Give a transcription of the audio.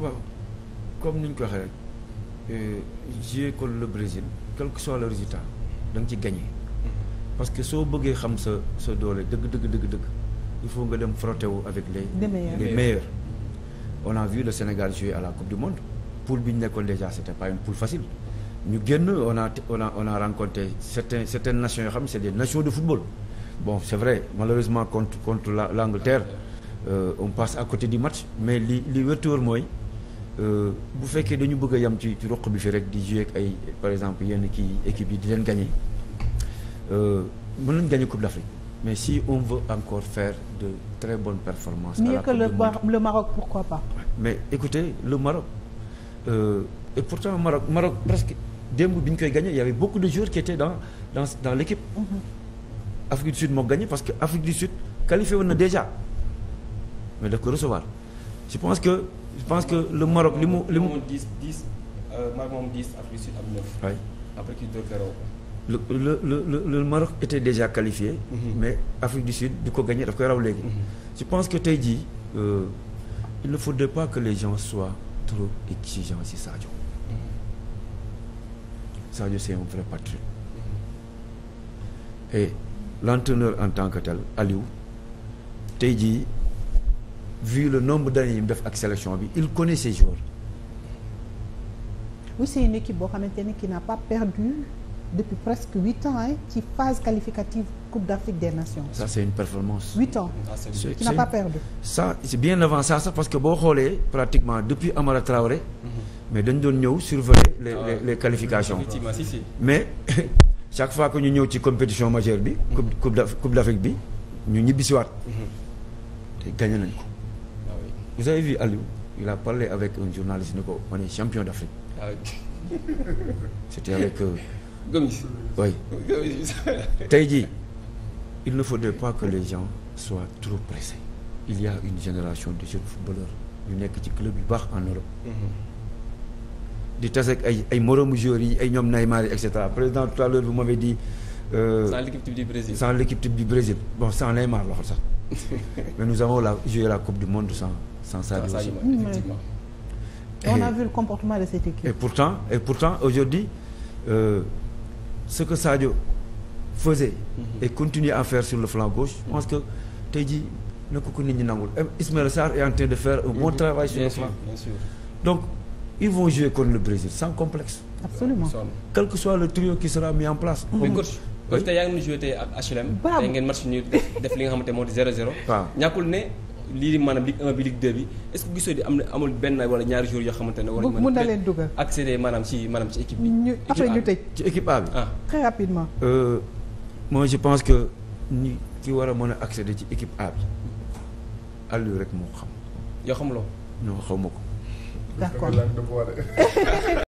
waaw comme ni ñu ko waxee rek eh, jouer contre le Brésil quel que soit le résultat da nga ci gagné. Mm-hmm. parce que soo bëggee xam sa sa doole dëgg dëgg dëgg dëgg il faut nga dem frotter wu avec les. les meilleurs les meilleurs. on a vu le Sénégal jouer à la Coupe du Monde poule bi ñu nekkoon déjà c'était pas une poule facile ñu génn on a on a on a rencontré certains certaines nations yoo xam ne c'est des nations de football bon c'est vrai malheureusement contre contre la l'Angleterre euh, on passe à côté du match mais li li wër mooy. Euh, bu fekkee dañu bëgg a yam ci ci roq bi fi rek di jouer ay par exemple yenn kii équipe yi di leen gagné euh, mën nañ gagné Coupe d'Afrique mais si on veut encore faire de très bonnes performances. mieux que le, Mar le Maroc pourquoi pas. mais écoutez le Maroc euh, et pourtant Maroc Maroc presque démb bi ñu koy gagné y avait beaucoup de joueurs qui étaient dans dans dans l'équipe mm Afrique du Sud moo gagné parce que Afrique du Sud qualifié woon na déjà mais daf ko recevoir. je pense que je pense que le Maroc li mu li mu. dix dix euh, Maroc moom dix Afrique du Sud am neuf. oui après kii dóor Garoua. le le le le Maroc était déjà qualifié. Mhm. mais Afrique du Sud du ko gagné daf koy raw léegi. Mhm. je pense que tey jii euh, il ne faudrait pas que les gens soient trop exigeants si Sadio. Mhm. Sadio c'est un vrai patriote. et l'entraîneur en tant que tel Aliou tey jii. vu le nombre d'années yi mu def ak sélection bi il connaît ses joueurs. oui c'est une équipe boo xamante ne qui n'a pas perdu depuis presque huit ans ci phase qualificative Coupe d'Afrique des Nations. ça c'est une performance. huit ans ah, c'est n'a pas perdu. c'est bien avant ça sax parce que boo xoolee pratiquement depuis Amara Traoré. Mhm. mais dañ doon ñëw surveiller les ah, les les qualifications. mais chaque fois que ñu ñëw ci compétition majeure bi. Mhm. coupe coupe d'Afrique bi ñu ñibbisiwaat. Mhm. te gagné nañ vous avez vu Aliou il a parlé avec un journaliste ni ko on est champion d'Afrique ah, c'était avec euh, Gomis oui tey jii il ne faudrait pas que les gens soient trop pressés il y a une génération de jeunes footballeurs yu nekk ci club yu baax en Europe mm-hmm. di tase ay ay moroomu joueurs yi ay ñoom Neymar yi et cetera président tout à l'heure vous m'avez dit Euh, sans l'équipe type du Brésil sans l'équipe type du Brésil bon sans Neymar loxo sax mais nous avons la joué la Coupe du sans Sadio Mané mm. effectivement. Et, on a vu le comportement de cette équipe. et pourtant et pourtant aujourd'hui euh, ce que Sadio faisait. Mm-hmm. et continue à faire sur le flanc gauche. pense que tey jii na ko ko nit ñi nangul Ismaël Sarr est en train de faire un bon mm-hmm. travail sur bien le sûr, flanc. Bien sûr. donc ils vont jouer contre le Brésil sans complexe. absolument quel que soit le trio qui sera mis en place. Mm-hmm. mais coach tey yaa ngi nu joué tey ak HLM. tey ngeen def li nga xamante moo di 0-0. ñàkkul ne. lii maanaam Ligue 1 bi Ligue 2 bi est-ce que gisoo di am na amul benn wala ñaari jours yoo xamante ne. war nañu mën a leen dugal accéder maanaam ci maanaam ci équipe bi. après ñu tëj ci équipe A bi. ah euh, je pense que ñi ki war a mën a accéder ci équipe A bi Aliou rek moo xam. yoo xamuloo. non xaw ma ko. d'accord